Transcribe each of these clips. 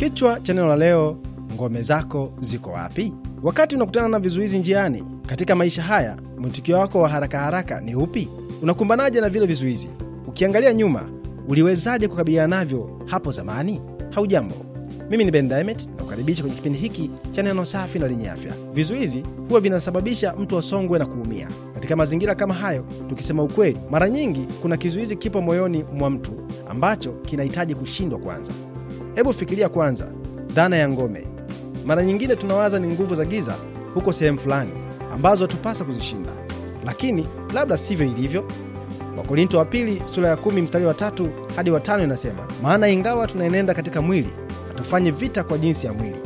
Kichwa cha neno la leo, ngome zako ziko wapi? Wakati unakutana na vizuizi njiani katika maisha haya, mwitikio wako wa haraka haraka ni upi? Unakumbanaje na vile vizuizi? Ukiangalia nyuma, uliwezaje kukabiliana navyo hapo zamani? Haujambo, mimi ni Ben Diamond na kukaribisha kwenye kipindi hiki cha neno safi na lenye afya. Vizuizi huwa vinasababisha mtu asongwe na kuumia. Katika mazingira kama hayo, tukisema ukweli, mara nyingi kuna kizuizi kipo moyoni mwa mtu ambacho kinahitaji kushindwa kwanza. Hebu fikiria kwanza dhana ya ngome. Mara nyingine tunawaza ni nguvu za giza huko sehemu fulani ambazo hatupasa kuzishinda, lakini labda sivyo ilivyo. Wakorinto wa pili sura ya kumi mstari wa tatu hadi wa tano inasema, maana ingawa tunaenenda katika mwili, hatufanye vita kwa jinsi ya mwili,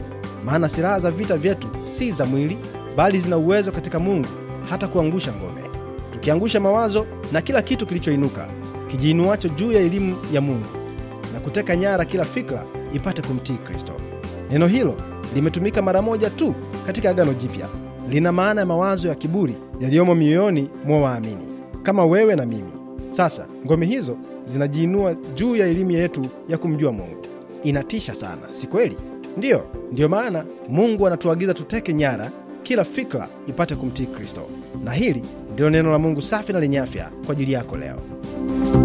maana silaha za vita vyetu si za mwili, bali zina uwezo katika Mungu hata kuangusha ngome, tukiangusha mawazo na kila kitu kilichoinuka kijiinuacho juu ya elimu ya Mungu, na kuteka nyara kila fikra ipate kumtii Kristo. Neno hilo limetumika mara moja tu katika Agano Jipya. Lina maana ya mawazo ya kiburi yaliyomo mioyoni mwa waamini kama wewe na mimi. Sasa ngome hizo zinajiinua juu ya elimu yetu ya kumjua Mungu. Inatisha sana, si kweli? Ndiyo, ndiyo maana Mungu anatuagiza tuteke nyara kila fikra ipate kumtii Kristo. Na hili ndilo neno la Mungu safi na lenye afya kwa ajili yako leo.